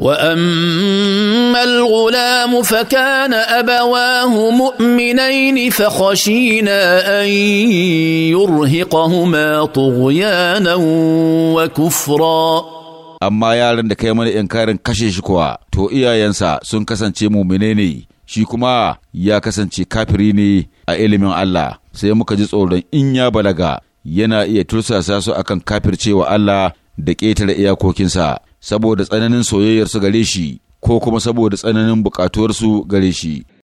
واما الغلام فكان ابواه مؤمنين فخشينا ان يرهقهما طغيانا وكفرا amma yaron da kai mana inkarin kashe shi kuwa to iyayensa sun kasance mumine ne shi kuma ya kasance kafiri ne a ilimin Allah sai muka ji tsoron in ya balaga yana iya tursasa su akan kafircewa Allah da ƙetare iyakokinsa saboda tsananin soyayyarsu gare shi ko kuma saboda tsananin bukatuwarsu gare shi.